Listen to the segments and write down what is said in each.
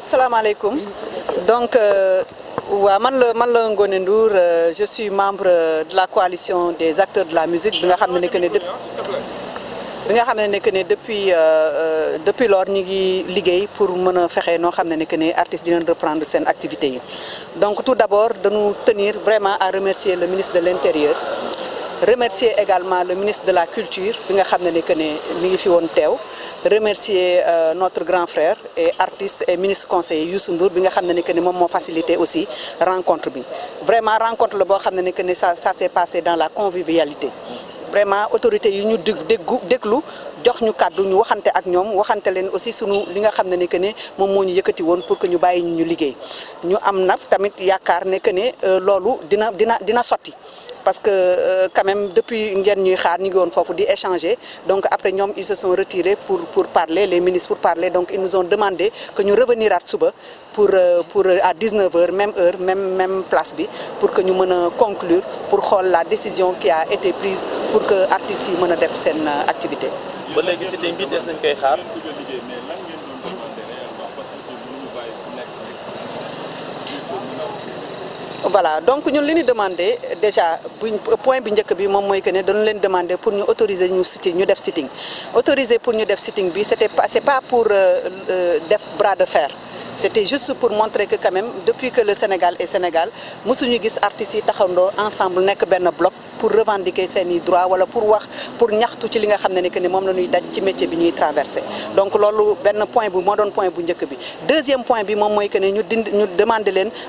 voilà alaikum donc euh, euh, je suis membre euh, de la coalition des acteurs de la musique de depuis depuis lors pour faire artistes reprendre activité donc tout d'abord nous tenir vraiment à remercier le ministre de l'intérieur remercier également le ministre de la culture remercier euh, notre grand frère et artiste et ministre conseiller Youssou Ndour qui nga facilité aussi rencontre vraiment rencontre la rencontre ça s'est passé dans la convivialité vraiment autorité yi ñu nous ñu kàddu ñu waxante ak ñoom waxante leen aussi sur li nga que ne moom pour que nous puissions ñu Nous liggéey ñu am na tamit nous ne que ne euh, dina dina dina parce que euh, quand même depuis une ñuy xaar ñu échanger donc après nous, ils se sont retirés pour pour parler les ministres pour parler donc ils nous ont demandé que nous revenir euh, à Tsuba pour pour à 19h même heure même même place B pour que nous puissions conclure pour la décision qui a été prise pour que artistes yi mën activité ba léegi cité voilà donc ñun li demandé déjà point bi njëkk bi moom mooy que ne dañu leen demandé pour ñu autoriser ñu sitting ñu def sitting autoriser pour ñu def sitting bi c'était pas c'est pas pour euh, euh, def bras de fer c'était juste pour montrer que quand même depuis que le Sénégal est Sénégal mosuñu gis artistes yi taxandoo ensemble nekk benn bloc pour revendiquer seen droits droit wala pour wax pour ñaxtu ci li nga xam que ne moom la ñuy daj ci métier bi ñuy traversé donc lolo ben point bu moo doon point bu njëkk bi deuxième point bi moom mooy que nous ñu dind ñu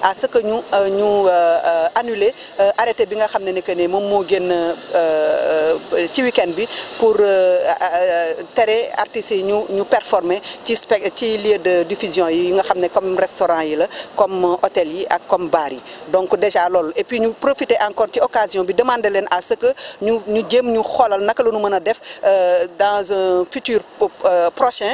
à ce que ñu euh, ñu euh, annuler euh, arrêter bi nga ne ne que ne moom moo génn ci week-end bi pour téré artistes nous ñu ñu performer ci spec ci lieu de diffusion yi nga xam comme restaurant yi comme hôtel yi ak comme bar yi donc déjà lolo et puis ñu profiter encore ci occasion bi demander à ce que nous nous faire dans un futur euh, prochain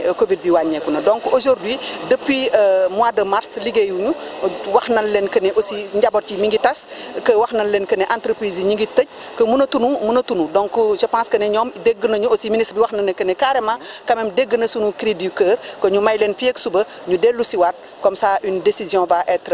ne euh, Covid bi wàññeeku na donc aujourd'hui depuis euh, mois de mars liggéeyuñu wax nañ que ne aussi njaboot yi mi ngi tas que wax nañ leen que ne entreprise yi ñi ngi tëj que mënatuñu mënatuñu donc euh, je pense que ne ñoom dégg nañu aussi ministre bi wax na que ne carrément quand même dégg na suñu cri du cœur que ñu may leen fii ak suba ñu dellu siwaat comme ça une décision va être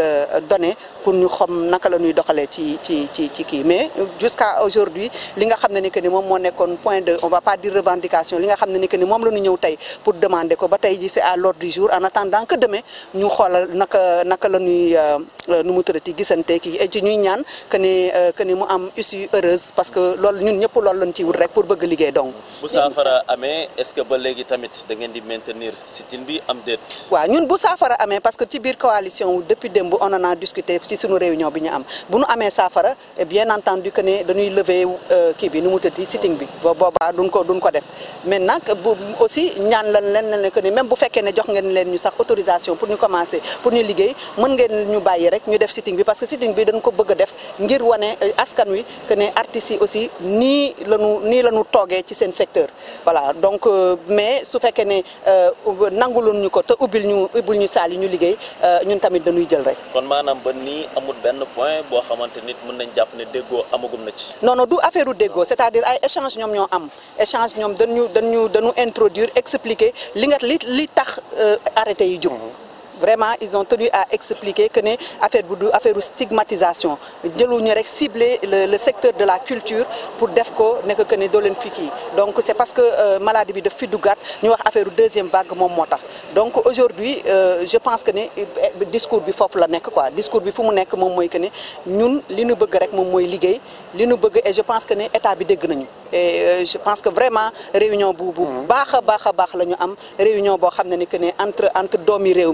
donnée pour ñu xam naka la ñuy doxalee ci ci ci ci mais jusqu'à aujourd'hui li nga xam ne ni que ni moom moo nekkoon point de on va pas dire revendication li nga xam ne ni que ni moom la ñu ñëw tey pour demander recommandé ko ba tey ji c'est à l'ordre du jour en attendant que demain ñu xolal naka naka la ñuy euh, euh, nu mu tërati gisante ki et ci ñuy ñaan que ni euh, que ni mu am issue heureuse parce que lool ñun ñep lool lañ ci wut rek pour bëgg liggéey donc bu saafara amee est-ce que ba légui tamit da ngeen di maintenir sit bi am dette wa ñun bu saafara amee parce que ci biir coalition depuis demb on en a discuté ci suñu réunion bi ñu am bu nu amee saafara eh bien entendu que ne dañuy lever ki bi nu mu tërati sitting in bi boba duñ ko duñ ko def maintenant bu aussi ñaan lan leen na ne que ni même bu fekké né jox ngeen leen ñu sax autorisation pour ñu commencer pour ñu liggéey mën ngeen ñu bayyi rek ñu def sitting bi parce que sitting bi dañ ko bëgg def ngir wane euh, askan wi que né artistes aussi ni lañu ni lañu toggé ci sen secteur voilà donc euh, mais su fekkee ne euh, nangulun ñu ko te ubbil ñu ubbil ñu saal ñu liggéey ñun tamit dañuy jël rek. kon manam ba ni amul ben point bo xamante nit mën nañ japp né déggo amagum na ci. non non du affaire u déggoo c'est-à-dire ay échange ñom ñoo am échange ñom dañ ñu de nous introduire expliquer ce qui li euh, arrêté vraiment ils ont tenu à expliquer que y affaire une affaire stigmatisation Ils rek cibler le secteur de la culture pour def nek que ne doo donc c'est parce que euh, maladie bi de fi ñu wax affaire deuxième vague mom motax donc aujourd'hui euh, je pense que le eh, discours bi très la nek quoi discours bi fu mu Nous, moom que né ñun li ñu bëgg rek mom moy liggéey bëgg et je pense que né état bi dégg nañu et euh, je pense que vraiment réunion bu bu mmh. baaxa baaxa baax la am réunion est xamné que né entre entre doomi réew